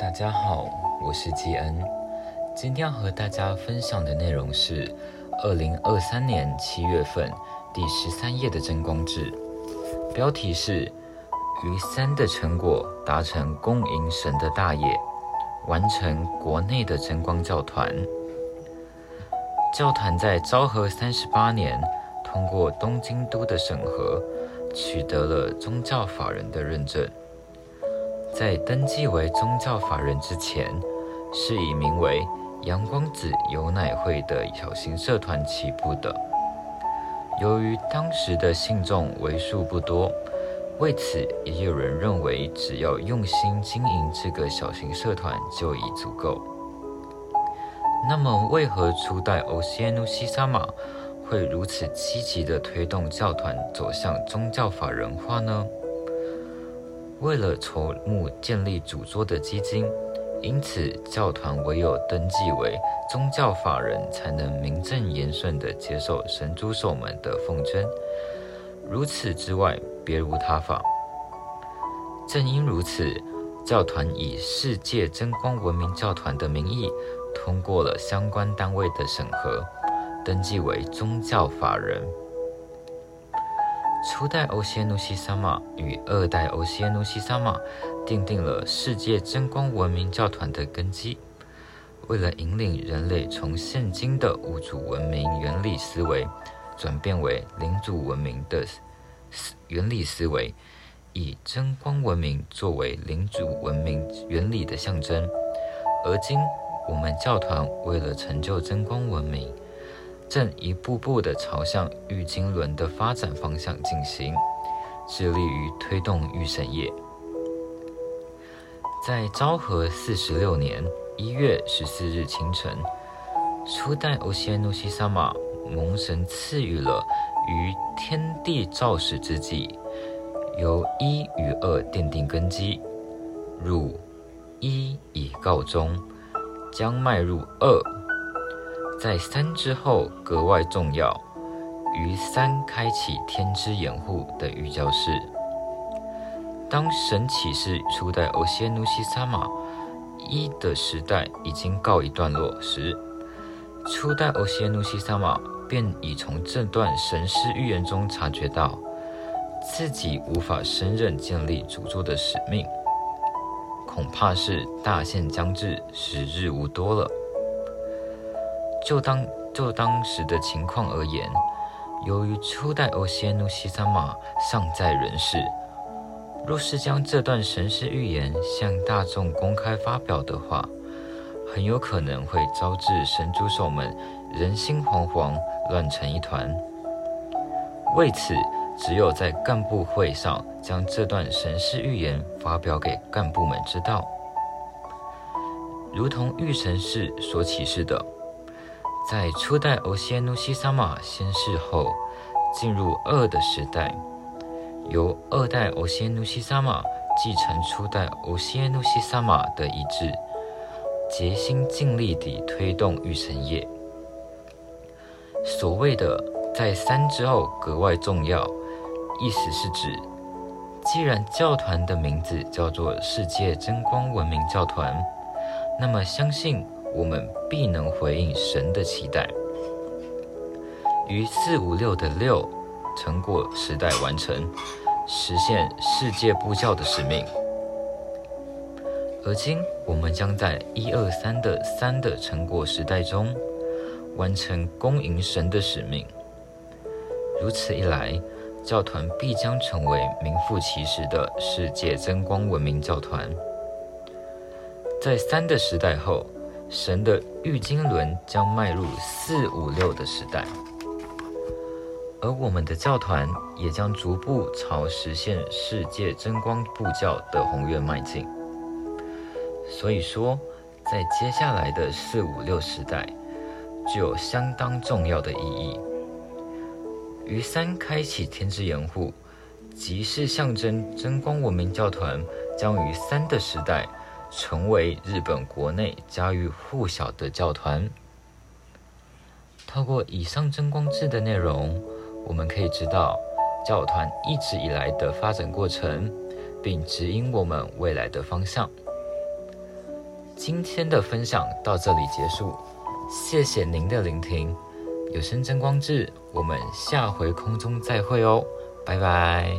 大家好，我是季恩。今天要和大家分享的內容是二零二三年七月份第十三頁的真光誌，標題是“於三的成果達成，恭迎神的大業，完成國內的真光教團”。教團在昭和三十八年通過東京都的審核，取得了宗教法人的認證。在登記為宗教法人之前，是以名為“陽光子有乃會”的小型社團起步的。由於當時的信眾為數不多，為此也有人認為，只要用心經營這個小型社團就已足夠。那麼，為何初代歐西努西沙瑪會如此積極地推動教團走向宗教法人化呢？為了籌募建立主座的基金，因此教團唯有登記為宗教法人，才能名正言順地接受神組手們的奉捐。如此之外，別無他法。正因如此，教團以世界真光文明教團的名義，通過了相關單位的審核，登記為宗教法人。初代歐仙奴西薩瑪與二代歐仙奴西薩瑪，奠定了世界真光文明教團的根基。為了引領人類從現今的物主文明原理思維，轉變為靈主文明的原理思維，以真光文明作為靈主文明原理的象徵。而今，我們教團為了成就真光文明。正一步步地朝向御經綸的發展方向進行，致力於推動御神業。在昭和四十六年一月十四日清晨，初代歐西安諾西薩瑪蒙神賜予了於天地造世之際，由一與二奠定根基，入一以告終，將邁入二。在三之後格外重要，於三開啟天之掩護的預兆是：當神啟示初代歐西耶努西薩瑪一的時代已經告一段落時，初代歐西耶努西薩瑪便已從這段神示預言中察覺到，自己無法勝任建立主座的使命，恐怕是大限將至，時日無多了。就當就當時的情況而言，由於初代歐西安努西三馬尚在人世，若是將這段神事預言向大眾公開發表的話，很有可能會招致神組手們，人心惶惶、亂成一團。為此，只有在幹部會上將這段神事預言發表給幹部們知道，如同御神事所啟示的。在初代歐西安努西薩瑪仙逝後，進入二的時代，由二代歐西安努西薩瑪繼承初代歐西安努西薩瑪的遺志，竭心盡力地推動御神業。所謂的在三之後格外重要，意思是指，既然教團的名字叫做世界真光文明教團，那麼相信。我們必能回應神的期待，於四五六的六成果時代完成，實現世界布教的使命。而今，我們將在一二三的三的成果時代中，完成恭迎神的使命。如此一來，教團必將成為名副其實的世界真光文明教團。在三的時代後。神的御經綸將邁入四五六的時代，而我們的教團也將逐步朝實現世界真光布教的宏願邁進。所以說，在接下來的四五六時代，具有相當重要的意義。於三開啟天之岩戶，即是象徵真光文明教團將於三的時代。成為日本國內家喻戶曉的教團。透過以上真光誌的內容，我們可以知道教團一直以來的發展過程，並指引我們未來的方向。今天的分享到這裡結束，謝謝您的聆聽。有聲真光誌，我們下回空中再會哦，拜拜。